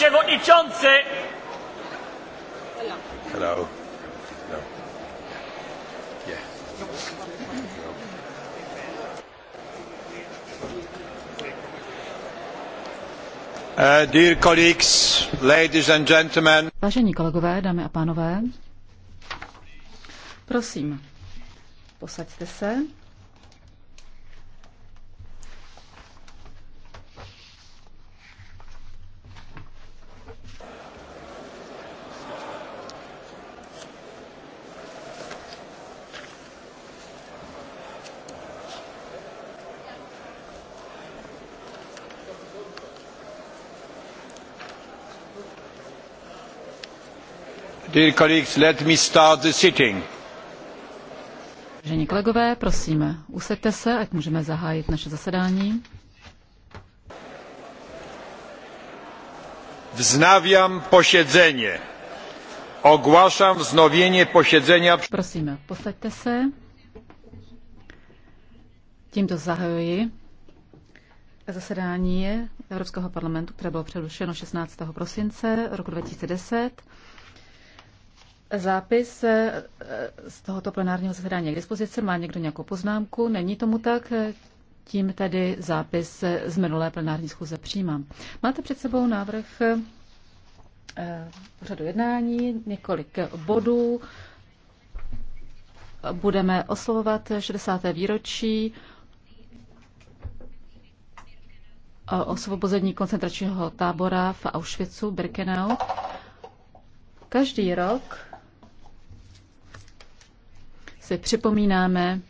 przewodniczący! Hello. Hello. Yeah. Uh, dear colleagues, ladies and gentlemen. Vážení kolegové, dámy a pánové, prosím, posaďte se. Vážení kolegové, prosím, usaďte se, ať můžeme zahájit naše zasedání. Vznavím posiedzenie. Ogłaszam wznowienie posiedzenia. Prosím, posaďte se. Tímto zahajuji zasedání Evropského parlamentu, které bylo přerušeno 16. prosince roku 2010. Zápis eh, z tohoto plenárního zasedání k dispozici. Má někdo nějakou poznámku? Není tomu tak? Tím tedy zápis eh, z minulé plenární schůze přijímám. Máte před sebou návrh eh, pořadu jednání, několik bodů. Budeme oslovovat 60. výročí osvobození koncentračního tábora v Auschwitzu, Birkenau. Každý rok si připomínáme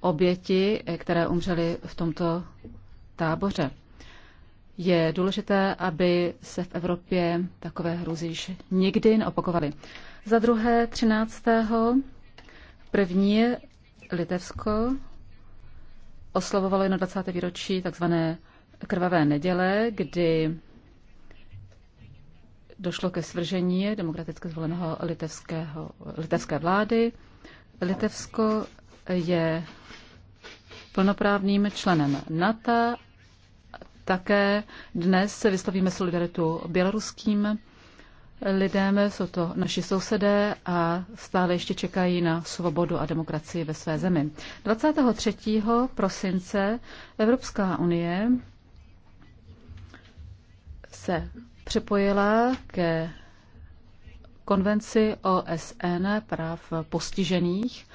oběti, které umřely v tomto táboře. Je důležité, aby se v Evropě takové hrůzy již nikdy neopakovaly. Za druhé, 13. první Litevsko oslavovalo 21. výročí tzv. krvavé neděle, kdy došlo ke svržení demokraticky zvoleného litevského, litevské vlády. Litevsko je plnoprávným členem NATO. Také dnes vystavíme solidaritu běloruským lidem, jsou to naši sousedé a stále ještě čekají na svobodu a demokracii ve své zemi. 23. prosince Evropská unie se připojila ke konvenci OSN práv postižených.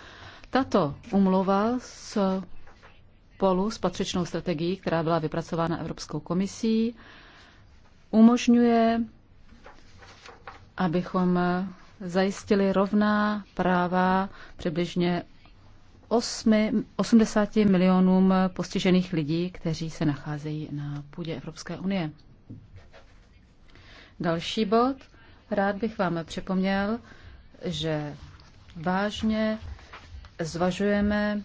Tato umluva polu s patřičnou strategií, která byla vypracována Evropskou komisí, umožňuje, abychom zajistili rovná práva přibližně 8, 80 milionům postižených lidí, kteří se nacházejí na půdě Evropské unie. Další bod. Rád bych vám připomněl, že vážně zvažujeme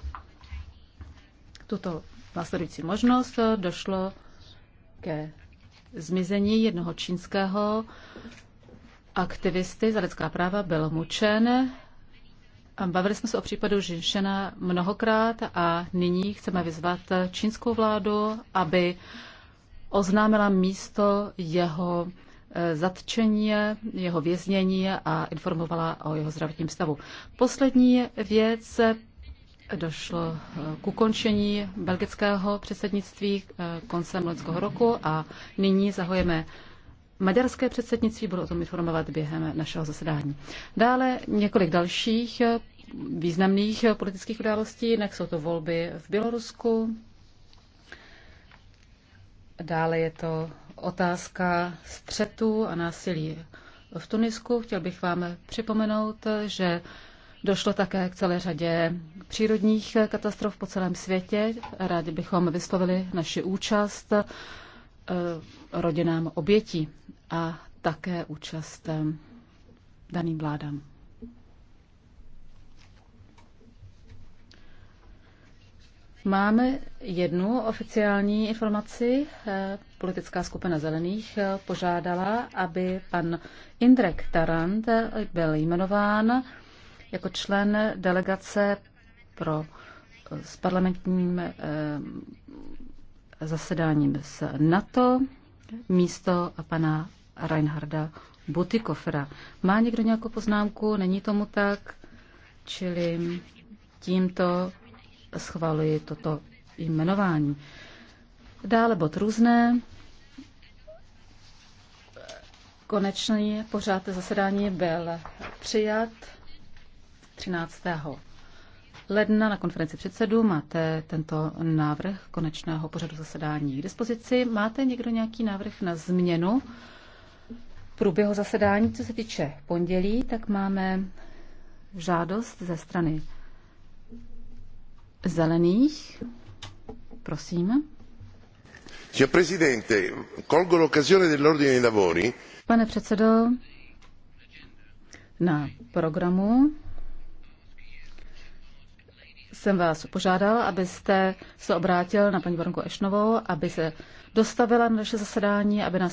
tuto následující možnost. Došlo ke zmizení jednoho čínského aktivisty za lidská práva, byl mučen. Bavili jsme se o případu Žinšena mnohokrát a nyní chceme vyzvat čínskou vládu, aby oznámila místo jeho zatčení, jeho věznění a informovala o jeho zdravotním stavu. Poslední věc došlo eh, k ukončení belgického předsednictví eh, koncem loňského roku a nyní zahojeme maďarské předsednictví, budu o tom informovat během našeho zasedání. Dále několik dalších eh, významných politických událostí, jinak jsou to volby v Bělorusku, Dále je to otázka střetu a násilí v Tunisku. Chtěl bych vám připomenout, že došlo také k celé řadě přírodních katastrof po celém světě. Rádi bychom vyslovili naši účast eh, rodinám obětí a také účast eh, daným vládám. Máme jednu oficiální informaci. Eh, politická skupina zelených eh, požádala, aby pan Indrek Tarant eh, byl jmenován jako člen delegace pro s parlamentním zasedáním s NATO místo pana Reinharda Butikofera. Má někdo nějakou poznámku? Není tomu tak? Čili tímto schvaluji toto jmenování. Dále bod různé. Konečný pořád zasedání byl přijat 13. ledna na konferenci předsedů. Máte tento návrh konečného pořadu zasedání k dispozici. Máte někdo nějaký návrh na změnu průběhu zasedání, co se týče pondělí, tak máme žádost ze strany zelených. Prosím. Signor Presidente, colgo l'occasione dell'ordine dei lavori. Pane předsedo, na programu jsem vás požádal, abyste se obrátil na paní baronku Ešnovou, aby se dostavila na naše zasedání, aby nás